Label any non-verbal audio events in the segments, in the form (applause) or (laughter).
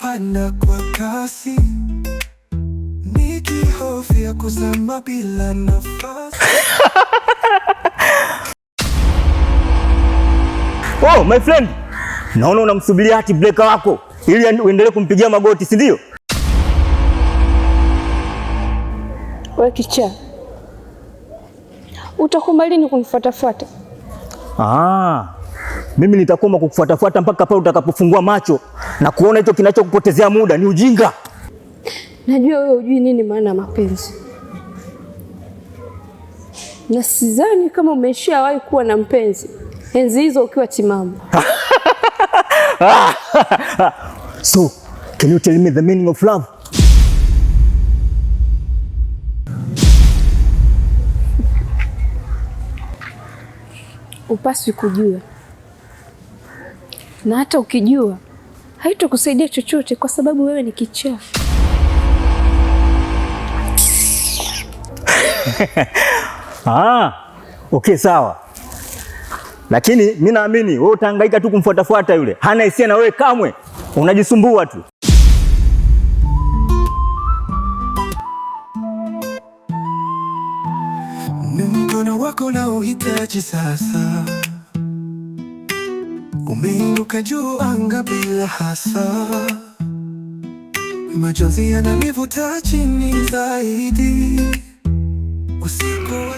napanda kwa kasi, nikihofia kuzama bila nafasi. (laughs) Wow, my friend, naona unamsubiria hati breka wako ili uendelee kumpigia magoti, si ndio? We kichaa, utakubalini kumfuatafuata? Ah mimi nitakoma kukufuatafuata mpaka pale utakapofungua macho na kuona hicho kinachokupotezea muda ni ujinga. Najua wewe hujui nini maana ya mapenzi, na sidhani kama wahi kuwa na mpenzi enzi hizo ukiwa timamu. (laughs) So, can you tell me the meaning of love? Upaswi kujua na hata ukijua haitokusaidia chochote, kwa sababu wewe ni kichafu. (laughs) Ah, okay, sawa, lakini mi naamini wewe utahangaika tu kumfuatafuata yule, hana hisia na wewe kamwe, unajisumbua tu. Ni mkono wako na uhitaji sasa Umeinuka juu anga bila hasa, machozi yananivuta chini zaidi. Usiku wa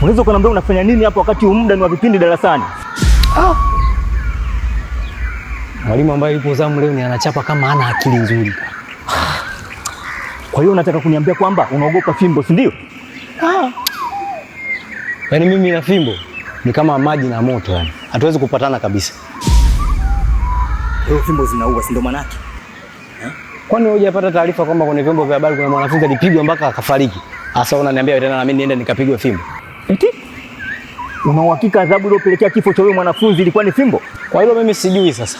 unaweza ukaniambia unafanya nini hapa wakati muda ni wa vipindi darasani? Ah, mwalimu ambaye yupo zamu leo ni anachapa kama ana akili nzuri. Kwa hiyo unataka kuniambia kwamba unaogopa fimbo, si ndio? Ah. Yaani mimi na fimbo ni kama maji na moto, yani hatuwezi kupatana kabisa. Hiyo fimbo zinaua, si ndio manake? Eh? Kwani wewe hujapata taarifa kwamba kwenye vyombo vya habari kuna mwanafunzi alipigwa mpaka akafariki? Sasa unaniambia tena na mimi niende nikapigwe fimbo? Eti una uhakika adhabu iliyopelekea kifo cha huyo mwanafunzi ilikuwa ni fimbo? Kwa hilo mimi sijui. Sasa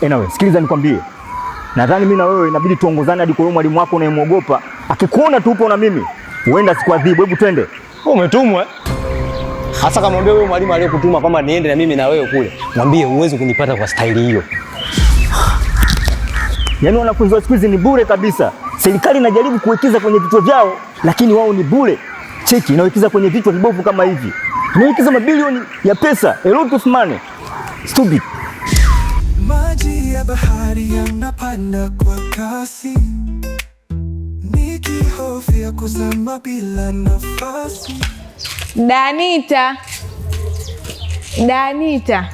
enawe, eh, sikiliza nikwambie, nadhani mimi na wewe inabidi tuongozane hadi kwa mwalimu wako unayemwogopa. Akikuona tu upo na mimi, huenda sikuadhibu. Hebu twende. Umetumwa eh? Hasa kamwambia wewe mwalimu aliyekutuma kwamba niende na mimi na wewe kule, mwambie huwezi kunipata kwa staili hiyo. Yaani wanafunzi wa siku hizi ni bure kabisa. Serikali inajaribu kuwekeza kwenye vichwa vyao, lakini wao ni bure. Cheki inawekeza kwenye vichwa vibovu kama hivi, inawekeza mabilioni ya pesa, a lot of money. Stupid. Maji ya bahari yanapanda kwa kasi, nikihofia kuzama bila nafasi. Danita, Danita,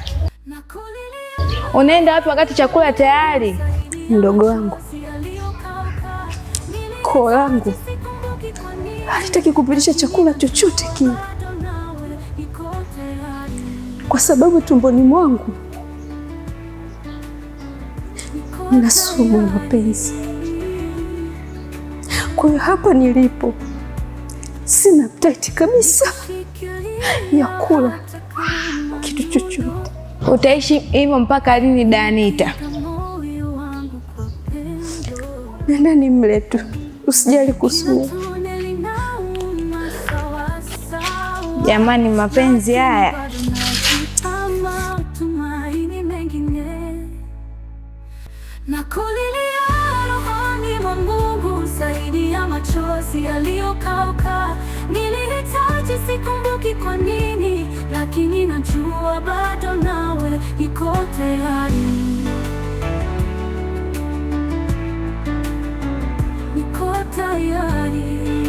unaenda wapi wakati chakula tayari? Mdogo wangu, koo langu halitaki kupitisha chakula chochote kile, kwa sababu tumboni mwangu nina sumu ya mapenzi. Kwa hiyo hapa nilipo sina taiti kabisa ya kula kitu chochote. Utaishi hivyo mpaka lini Danita? Nenda ni mle tu, usijali kusua. Jamani, mapenzi haya sikumbuki kwa nini, lakini najua bado nawe iko tayari, iko tayari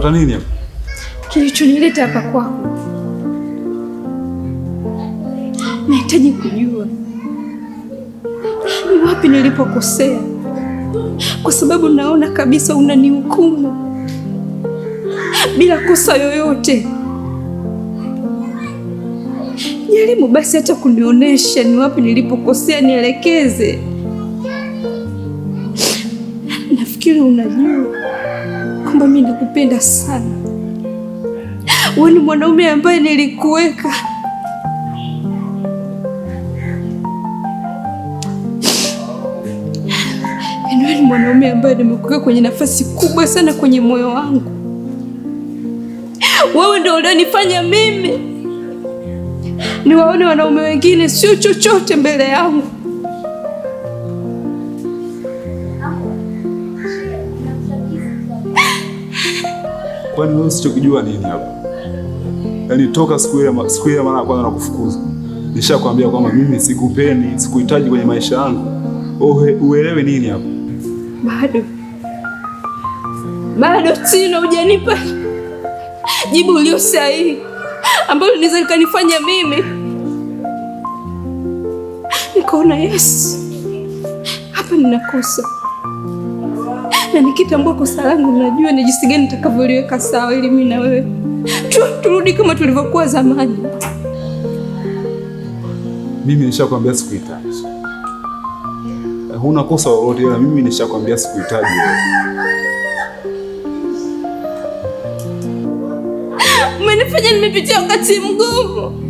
Unakifuata nini hapo? Kilichonileta hapa kwako, nahitaji kujua ni wapi nilipokosea, kwa sababu naona kabisa unanihukumu bila kosa yoyote. Jaribu basi hata kunionyesha ni wapi nilipokosea, nielekeze. Nafikiri unajua kwamba mimi nilikupenda sana. Wewe ni mwanaume ambaye nilikuweka yaani ni mwanaume ambaye nimekuweka kwenye nafasi kubwa sana kwenye moyo wangu. Wewe ndio ulionifanya mimi niwaone wanaume wengine sio chochote mbele yangu. Kwani wewe sichokijua nini hapa? Yaani toka siku ile siku ile mara ya kwanza nakufukuza. Nishakwambia kwamba mimi sikupeni, sikuhitaji kwenye maisha yangu. Ohe, uelewe nini hapa? Bado. Bado Tino hujanipa jibu ulio sahihi ambalo linaweza likanifanya mimi nikaona Yesu. hapa ninakosa na nikitambua kosa langu, najua ni jinsi gani nitakavyoliweka sawa, ili mimi na wewe tu turudi kama tulivyokuwa zamani. Mimi nishakwambia sikuhitaji, huna kosa lolote, ila mimi nishakwambia sikuhitaji. Umenifanya nimepitia wakati mgumu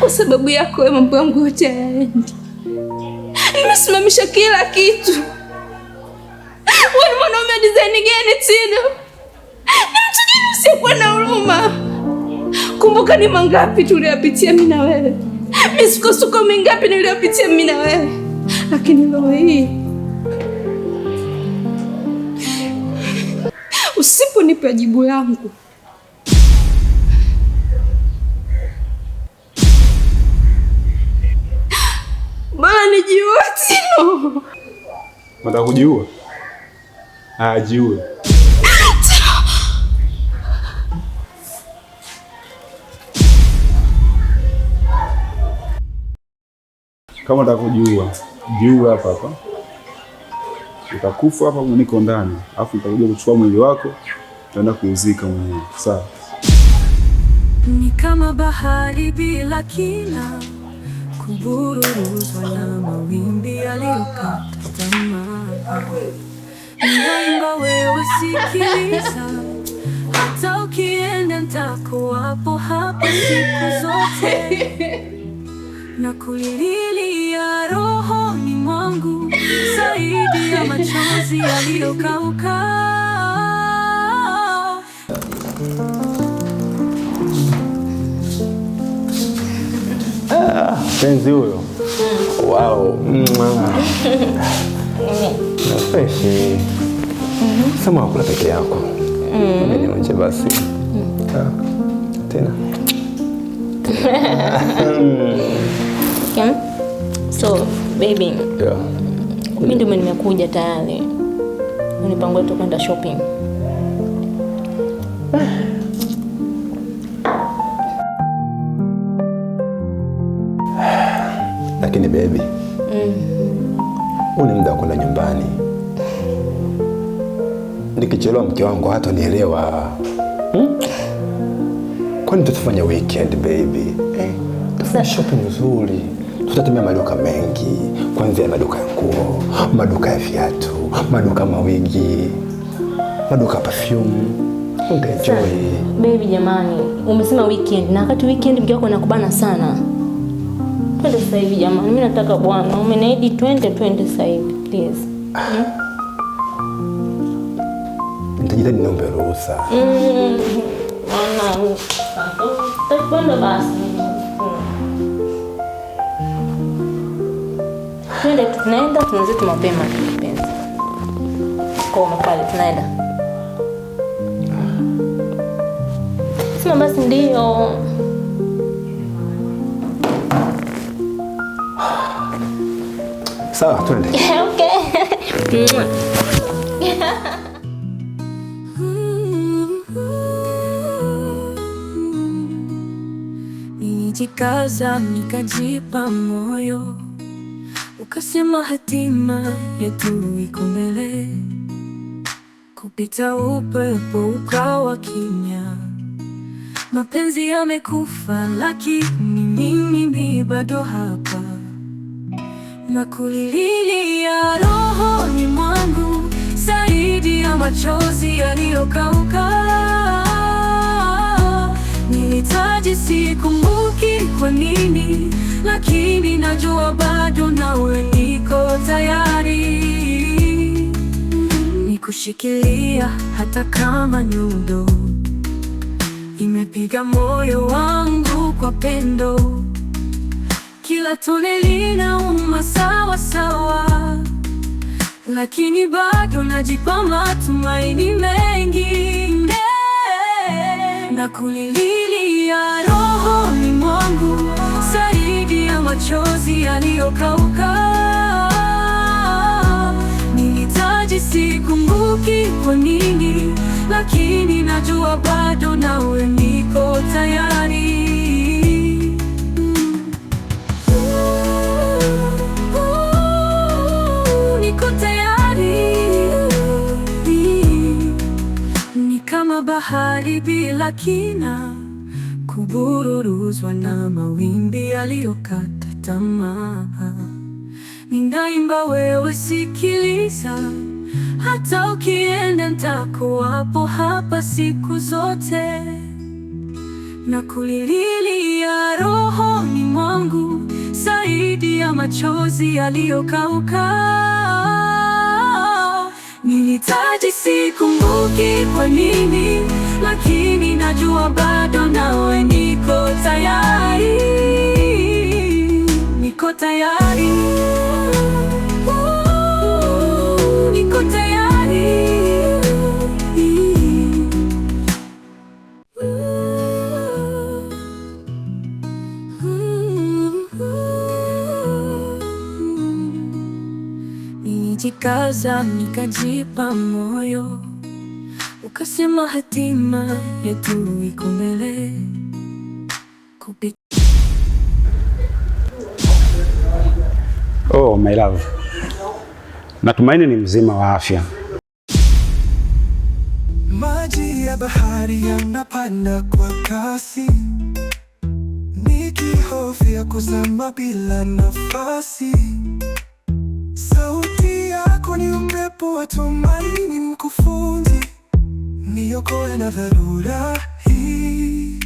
kwa sababu yako, mambo yangu yote hayaendi, nimesimamisha kila kitu. Wewe mwanaume design gani tena? Ni mtu gani usiyekuwa na huruma? Kumbuka ni mangapi tuliyapitia mimi na wewe. Misukosuko mingapi niliyopitia mimi na wewe. Lakini leo hii usiponipa jibu langu bana nijiua Tino. Nataka kujiua ajiue. Kama utakujiua jiue hapa hapa, utakufa hapa, niko ndani, alafu nitakuja kuchukua mwili wako, utaenda kuuzika mwenyewe. Sawa? Ni kama bahari bila kina, kuburuzwa na mawimbi yaliyokata tamaa. Mwanga wewe sikiliza, hata ukienda nitakuwapo hapa siku zote na kulililia rohoni mwangu zaidi ya machozi yaliyokauka. Penzi huyo, wow nafeshi mhm. sama wakula peke yako mhm. nionje basi mhm. ah, tena (laughs) yeah. So baby, yeah. Mimi ndio nimekuja tayari, mipango tu kwenda shopping. Lakini baby mm huu ni muda wa kwenda nyumbani. Nikichelewa mke wangu nielewa hmm? Kwani tutafanya weekend baby eh, shopping nzuri, tutatumia maduka mengi, kuanzia maduka ya nguo, maduka ya viatu, maduka mawigi, maduka ya perfume. Utaenjoy baby. Jamani, umesema weekend na wakati weekend mke wako anakubana sana sasa hivi jamani, mimi nataka bwana, umeniahidi twende twende sasa hivi please. Mm? Nitajitahidi niombe ruhusa. Mm-hmm. Bwana basi. Twende tunaenda tunazetu mapema kipenzi. Koma pale tunaenda. Sema basi ndio. Sawa, twende. (laughs) Okay. Nilijikaza nikajipa moyo, ukasema hatima yetu iko mbele, kupita upepo ukawa kimya, mapenzi yamekufa, lakini mimi bado hapa Nakulilia roho rohoni mwangu zaidi ya machozi yaliyokauka. Nilitaji sikumbuki kwa nini, lakini najua bado nawe niko tayari nikushikilia, hata kama nyundo imepiga moyo wangu kwa pendo kila tone linauma sawa sawa, lakini bado najipa matumaini mengi eh, na kulililia rohoni mwangu zaidi ya machozi yaliyokauka. Nilitaji sikumbuki kwa nini, lakini najua bado nawe niko tayari. kama bahari bila kina, kubururuzwa na mawimbi yaliyokata tamaa. Ninaimba, wewe sikiliza, hata ukienda nitakuwapo hapa siku zote, na roho rohoni mwangu zaidi ya machozi yaliyokauka unihitaji, sikumbuki kwa nini, lakini najua bado nawe niko tayari, niko tayari, niko tayari. Nikajikaza, nikajipa moyo, ukasema hatima yetu iko mbele Oh, my love. Natumaini ni mzima wa afya. Maji ya bahari yanapanda kwa kasi, nikihofia kuzama bila nafasi. Sauti ni yaani upepo wa tumaini, Mkufunzi, niokoe na dharura hii.